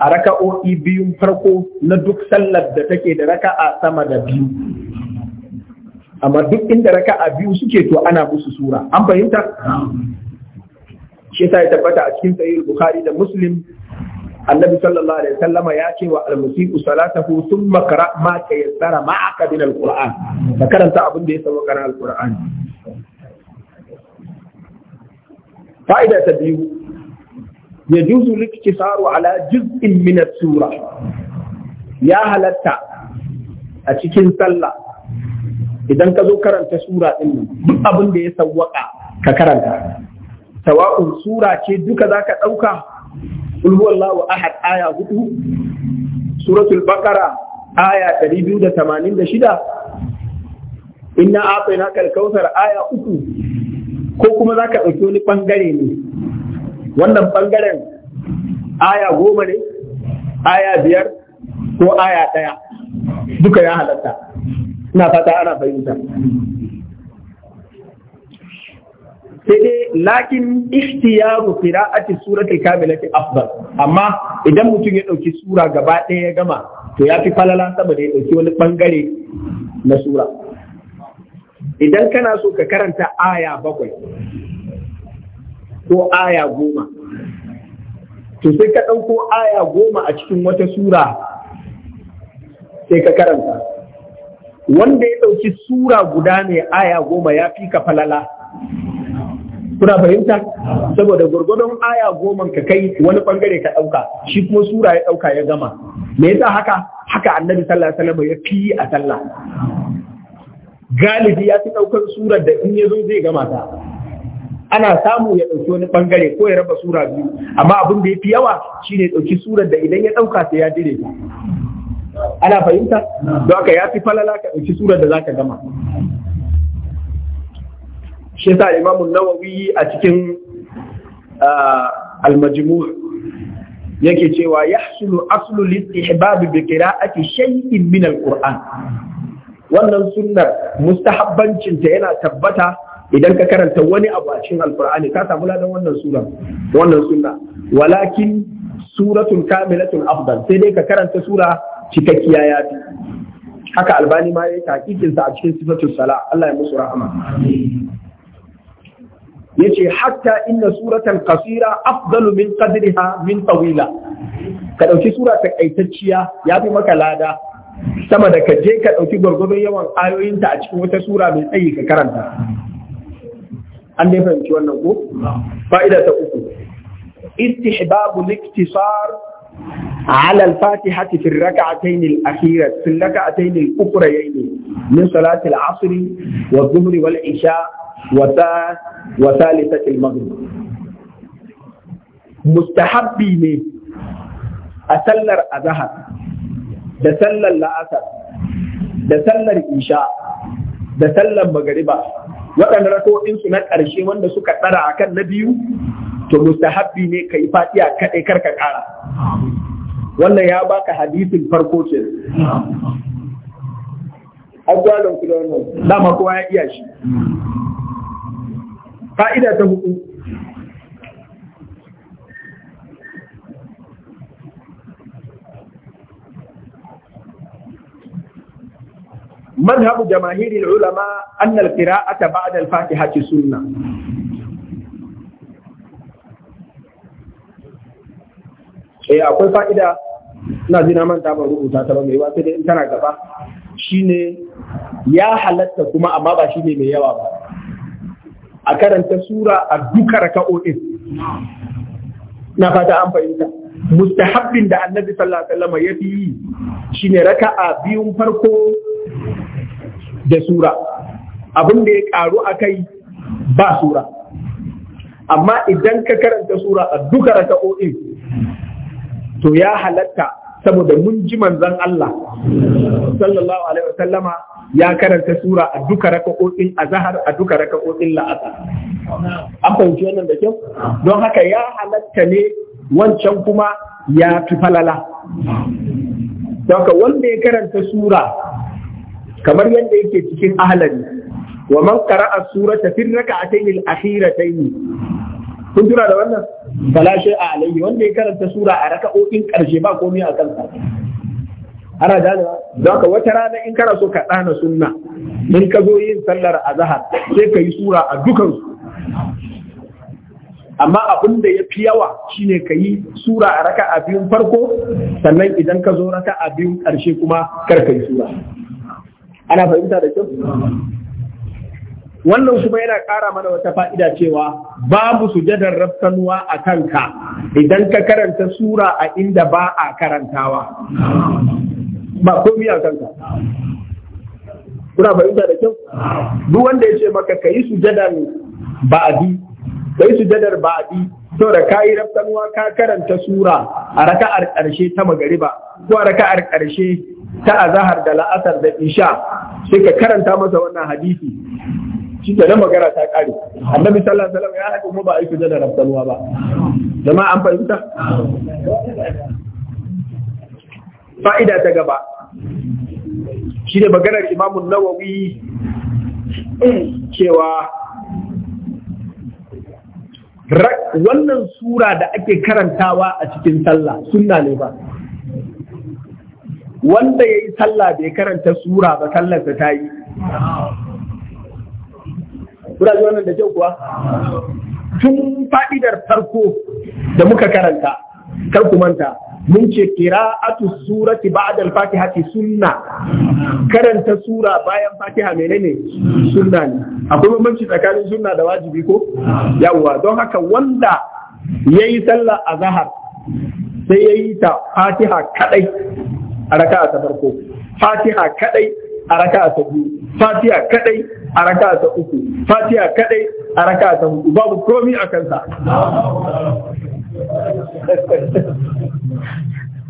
a raka'o'i biyun farko na duk sallar da take da raka'a sama da biyu amma duk inda raka'a biyu suke to ana musu sura an fahimta shi ya tabbata a cikin sahih bukhari da muslim annabi sallallahu alaihi wasallama ya ce wa almusiu salatahu thumma qra ma tayassara ma'aka min alquran ka karanta abin da ya samu kana alquran fa'ida ta biyu ya juzu liktisaru ala juz'in min sura ya halatta a cikin sallah idan ka zo karanta sura din duk abin da ya sawwaka ka karanta sawa'un sura ce duka zaka dauka qul huwallahu ahad aya hudu suratul baqara aya 286 inna a'tainaka al-kautsar aya uku ko kuma za ka ɗauki wani ɓangare ne wannan ɓangaren aya goma ne aya biyar ko aya ɗaya duka ya halatta ina fata ana fahimta sai dai lakin ikhtiyaru qira'ati kame kamilati afdal amma idan mutum ya ɗauki sura gaba ɗaya ya gama to ya fi falala saboda ya ɗauki wani ɓangare na sura idan kana so ka karanta aya bakwai ko aya goma to sai ka ɗauko aya goma a cikin wata sura sai ka karanta wanda ya ɗauki sura guda ne aya goma ya fi ka falala kuna fahimta saboda gwargwadon aya goma ka kai wani ɓangare ka ɗauka shi kuma sura ya ɗauka ya gama me yasa haka haka annabi sallallahu alaihi wasallam ya fi a sallah galibi ya fi ɗaukar surar da in ya zo zai gama ta ana samu ya ɗauki wani bangare ko ya raba sura biyu amma abin da ya fi yawa shine ɗauki surar da idan ya ɗauka sai ya dire ta ana fahimta don haka ya fi falala ka ɗauki surar da zaka gama shi sa imamun nawawi a cikin al yake cewa yahsulu asulu lil-ihbab bi qira'ati shay'in min al-qur'an wannan sunnar mustahabbancinta yana tabbata idan ka karanta wani abu a cikin alkur'ani ka samu ladan wannan sura wannan sunna walakin suratun kamilatun afdal sai dai ka karanta sura cikakkiya ya fi haka albani ma ya yi hakikinsa a cikin sifatul sala Allah ya musu rahama yace hatta inna suratan qasira afdalu min qadriha min tawila ka dauki sura takaitacciya yafi maka lada sama da ka je ka ɗauki gwargwadon yawan ayoyinta a cikin wata sura mai tsayi ka karanta an dai fahimci wannan ko fa'ida ta uku istihbabu liktisar ala al-fatiha al-akhira al-ukhrayn fi fi rak'atayn rak'atayn على الفاتحة في الركعتين الأخيرة في الركعتين الأخريين isha wa ta wa والعشاء al-maghrib mustahabbi ne a sallar azhar da sallar la'asar da sallar isha da sallar magariba waɗanda rakoɗinsu na ƙarshe wanda suka tsara a kan na biyu to mustahabbi ne ka yi fatiya kaɗai karka ƙara wannan ya baka hadisin farko ce agwalon da wannan dama kowa ya iya shi fa'ida ta hudu madhhabu jamahiri ulama anna al-qira'ata ba'da al-fatihati sunna eh akwai fa'ida ina ji manta ban rubuta ta ba mai wa sai dai in tana gaba ya halatta kuma amma ba shine mai yawa ba a karanta sura a duka raka'o'in na fata an fahimta mustahabbin da annabi sallallahu alaihi ya fi yi shine raka'a biyun farko da sura abin da ya karu a kai ba sura amma idan ka karanta sura a duka raka'o'in to ya halatta saboda mun ji manzan Allah sallallahu alaihi wasallama ya karanta sura a duka raka'o'in zahar a duka raka'o'in la'asa. an fahimci wannan da kyau don haka ya halatta ne wancan kuma ya fi falala Daga wanda ya karanta sura kamar yadda yake cikin ahlari wa man qara'a surata fi rak'atayn al-akhiratayn kun jira da wannan Bala a alayhi wanda ya karanta sura a raka'o'in karshe ba komai a kansa ana gane don ka wata rana in kana so ka ɗana sunna in ka zo yin sallar azahar sai ka yi sura a dukansu amma abin da ya fi yawa shine ka yi sura a rakaa a biyun farko sannan idan ka zo raka biyun ƙarshe kuma kar ka yi sura ana fahimta da kyau wannan kuma yana ƙara mana wata fa'ida cewa babu jadar rafsanuwa a kanka idan ka karanta sura a inda ba a karantawa ba komi a kanka kuna fahimta da kyau duk wanda ya ce maka ka yi sujadar ba'adi ka yi sujadar ba'adi to da ka yi rafsanuwa ka karanta sura a raka'ar ƙarshe ta magariba ko a raka'ar ƙarshe ta azahar da la'asar da isha sai ka karanta masa wannan hadisi shi ke magana ta kare annabi sallallahu alaihi wasallam ya haɗu kuma ba aiki da rafsanuwa ba jama'a an fahimta fa'ida ta gaba shi ne maganar imamun nawawi cewa wannan sura da ake karantawa a cikin sallah sunna ne ba wanda ya yi sallah bai karanta sura ba sallarsa ta yi Kura ji wannan da kyau kuwa tun fa'idar farko da muka karanta kar ku manta mun ce sura surati ba’adar fatiha ti sunna karanta sura bayan fatiha menene sunna ne akwai bambanci tsakanin sunna da wajibi ko yawwa don haka wanda ya yayi sallah a Zahar sai ya yi ta fatiha kaɗai? a raka ta farko fatiha kadai a raka ta biyu fatiha kadai a raka ta uku fatiha kadai a raka ta hudu babu komi a kansa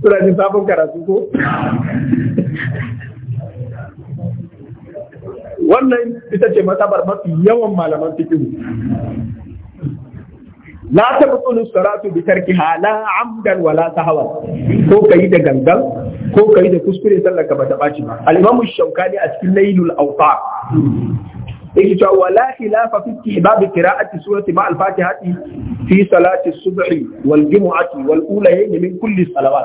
Suna jin sabon karatu ko? Wannan ita ce matabar mafi yawan malaman fikihu. la tabtulu salatu bi tarkiha la amdan wala sahwan ko kai da gangan ko kai da kuskure sallar ka bata baci ba al-imam shaukani a cikin lailul awtar yake cewa wala khilafa babu kira qira'ati surati ma al-fatihati fi salati as-subhi wal jumu'ati wal ulayni min kulli salawat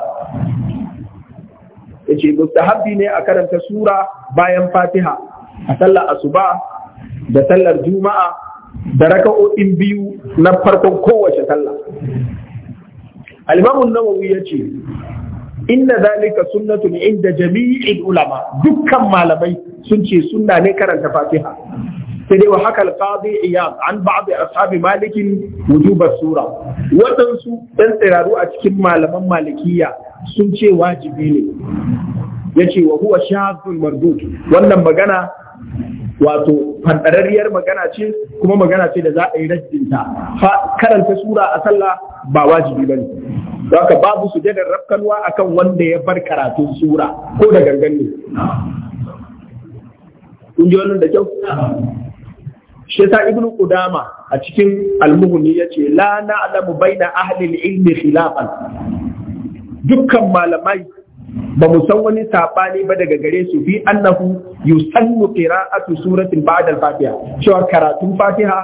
yace mustahabbi ne a karanta sura bayan fatiha a sallar asuba da sallar juma'a da raka'o'in biyu na farkon kowace sallah al-imam an-nawawi yace inna zalika sunnatun inda jami'in ulama dukkan malamai sun ce sunna ne karanta fatiha sai dai wa haka al-qadi iyad an ba'd ashabi malikin wujub sura su dan tsiraru a cikin malaman malikiya sun ce wajibi ne yace wa huwa shadhul mardud wannan magana wato fadararriyar magana ce kuma magana ce da za a yi fa karanta sura a sallah ba wajibi bane don haka babu da rafkanwa akan wanda ya bar karatu sura ko da gangan ne kun ji wannan da kyau shi Ibnu ibnu qudama a cikin al yace la na'lamu baina ahli al-ilmi khilafan dukkan malamai ba mu san wani sabani ba daga gare su fi annahu yusannu qira'atu suratin ba'da al-fatiha cewa karatun fatiha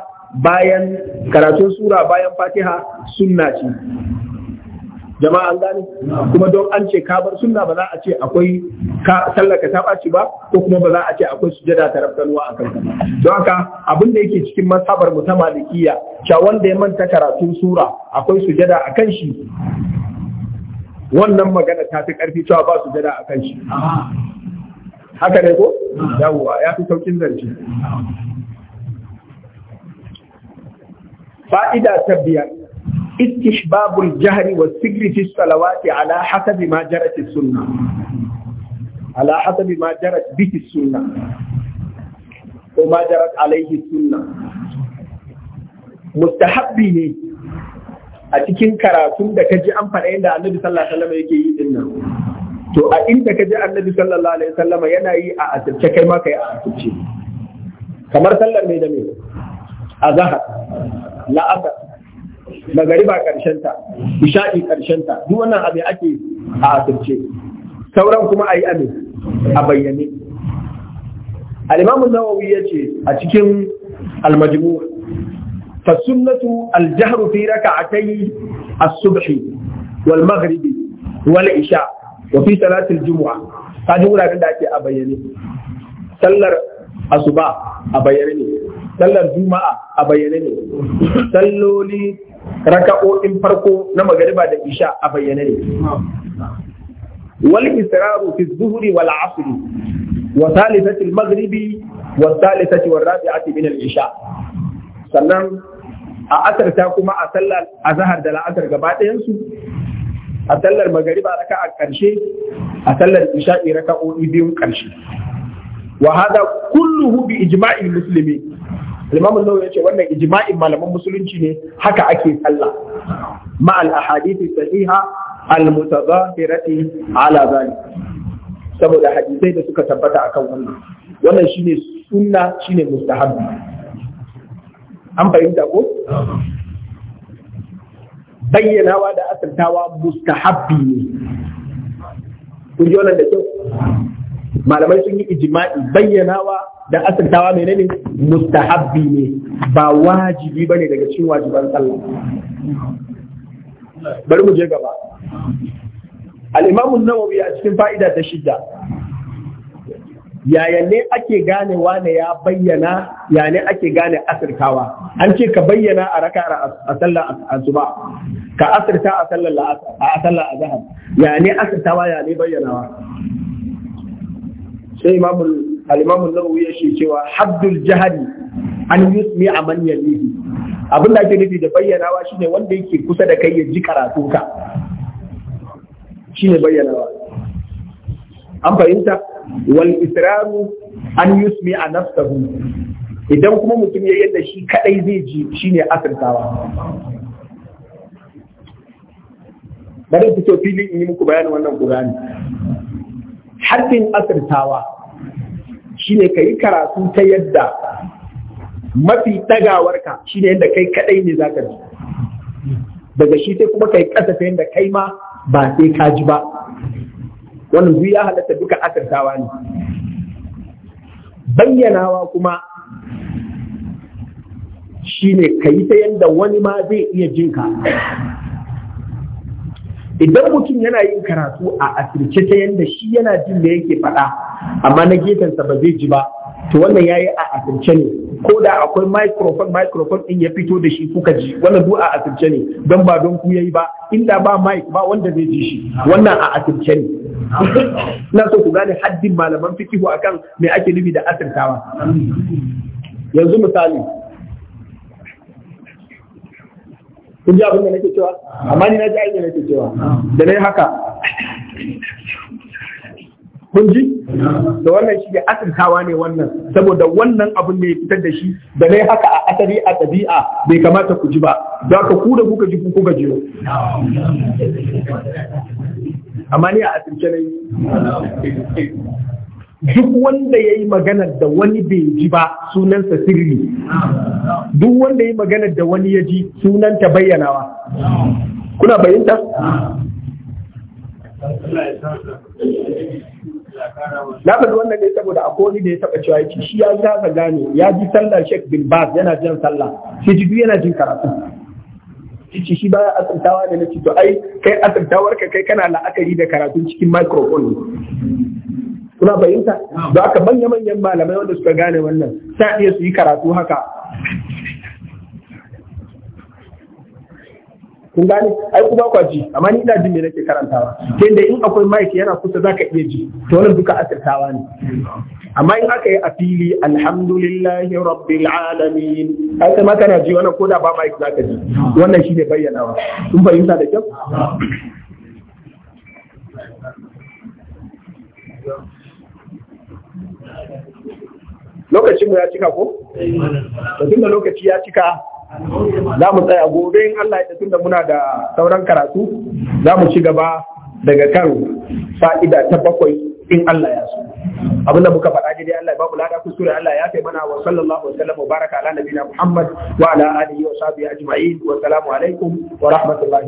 bayan karatun sura bayan fatiha sunna ce jama'a an gane kuma don an ce ka bar sunna ba za a ce akwai ka sallaka ta ɓaci ba ko kuma ba za a ce akwai sujada ta rabbanuwa a kanka don haka abin da yake cikin masabar mu ta malikiya cewa wanda ya manta karatun sura akwai sujada a kan shi wannan magana ta fi ƙarfi cewa ba su jada a kan shi haka ne ko yawwa ya fi saukin zance fa'ida ta biyar istishbabul jahri wa sigriti salawati ala hasabi ma jarat sunna ala hasabi ma jarat bihi sunna ko ma jarat alaihi sunna mustahabbi ne a cikin karatun da kaji an faɗa inda annabi sallallahu alaihi wasallam yake yi din nan to a inda kaji annabi sallallahu alaihi wasallam yana yi a asirce kai ma kai a asirce kamar sallar mai da mai azhar la'asar magariba karshen ta isha'i karshen ta duk wannan abin ake a asirce sauran kuma ayi amin a bayyane al-imam an-nawawi yace a cikin al-majmu' فالسنة الجهر في ركعتي الصبح والمغرب والعشاء وفي صلاة الجمعة هذه مرة عند أتي أبيني سلر أصباء أبيني سلر جمعة صلى سلولي ركعو إمبركو نما غريبا دا إشاء أبيني والإسرار في الظهر والعصر وثالثة المغرب والثالثة والرابعة من العشاء سلام a asar ta kuma a sallar azahar da la'asar gaba ɗayansu. a sallar magariba raka a ƙarshe a sallar isha'i raka'o'i biyun ƙarshe wa hada kulluhu bi ijma'il muslimin Imam ya ce wannan ijma'in malaman musulunci ne haka ake sallah ma al ahadithi sahiha al mutadahirati ala zalik saboda hadisai da suka tabbata akan wannan wannan shine sunna shine mustahabbi an fahimta ko bayyanawa da asirtawa mustahabbi ne kun ji wannan da kyau malamai sun yi ijima'i bayyanawa da asirtawa menene mustahabbi ne ba wajibi ba ne daga cikin wajiban sallah bari mu je gaba al-imamu nawawi a cikin fa'ida ta shidda yaya ne ake gane wane ya bayyana ya ne ake gane asirkawa an ce ka bayyana a raka a sallar asuba ka asirta a sallar a sallar zahar ya ne asirtawa ya ne bayyanawa sai imamul al-imamul ya shi cewa haddul jahali an yusmi a man yalihi abin da ake nufi da bayyanawa shine wanda yake kusa da kai ya ji karatunka shine bayyanawa an fahimta wal israru an yusmi a nafsahu idan kuma mutum ya yadda shi kadai zai ji ne asirtawa bari fito fili in yi muku bayanin wannan Qur'ani harfin asirtawa ka yi karatu ta yadda mafi tagawarka shine yadda kai kadai ne ka ji daga shi sai kuma kai kasafe yadda kai ma ba sai ka ji ba wannan duk ya halatta duka asirtawa ne bayyanawa kuma shi ne ka yi ta yadda wani ma zai iya jinka idan mutum yana yin karatu a asirce ta yadda shi yana jin da yake faɗa amma na gefensa ba zai ji ba to wannan ya yi a asirce ne ko da akwai microphone microphone din ya fito da shi kuka ji wannan duk a asirce ne don ba don ku yayi ba inda ba mic ba wanda zai ji shi wannan a asirce ne ina so ku gane haddin malaman fikihu akan me ake nufi da asirtawa yanzu misali kun ji abin da nake cewa amma ni na ji aikin nake cewa da nai haka kun ji da wannan shi ne asirtawa ne wannan saboda wannan abin ne ya fitar da shi da nai haka a asali a tabi'a bai kamata ku ji ba za ka ku da kuka ji ku kuka jiyo amma ni a asirce na duk wanda ya yi magana da wani bai ji ba sunansa sirri duk wanda ya yi magana da wani ya ji sunanta bayyanawa kuna bayyanta na faɗi wannan ne saboda akwai da ya taɓa cewa ci shi ya zaga gane ya ji sallar shek bin bas yana jin sallah sai ji yana jin karatu ciki shi baya asantawa da na to ai kai asantawar ka kai kana la'akari da karatun cikin microphone kuna bayyanta da aka manya manyan malamai wanda suka gane wannan a iya su yi karatu haka kun gane ai kuma kwa ji amma ni ina jin me nake karantawa kende da in akwai mic yana kusa zaka iya ji to wannan duka asirtawa ne amma in aka yi a fili alhamdulillahi rabbil alamin ai kai ma kana ji wannan koda ba mai zaka ji wannan shine bayyanawa kun fahimta da kyau lokacin mu ya cika ko to tunda lokaci ya cika za mu tsaya gobe in Allah ya tunda muna da sauran karatu za mu ci gaba daga kan fa'ida ta bakwai in Allah ya so abin da muka faɗa daidai Allah ya ba mu lada kuskure Allah ya kai mana wa sallallahu alaihi wa baraka ala nabiyina Muhammad wa ala alihi wa sahbihi ajma'in wa assalamu alaikum wa rahmatullahi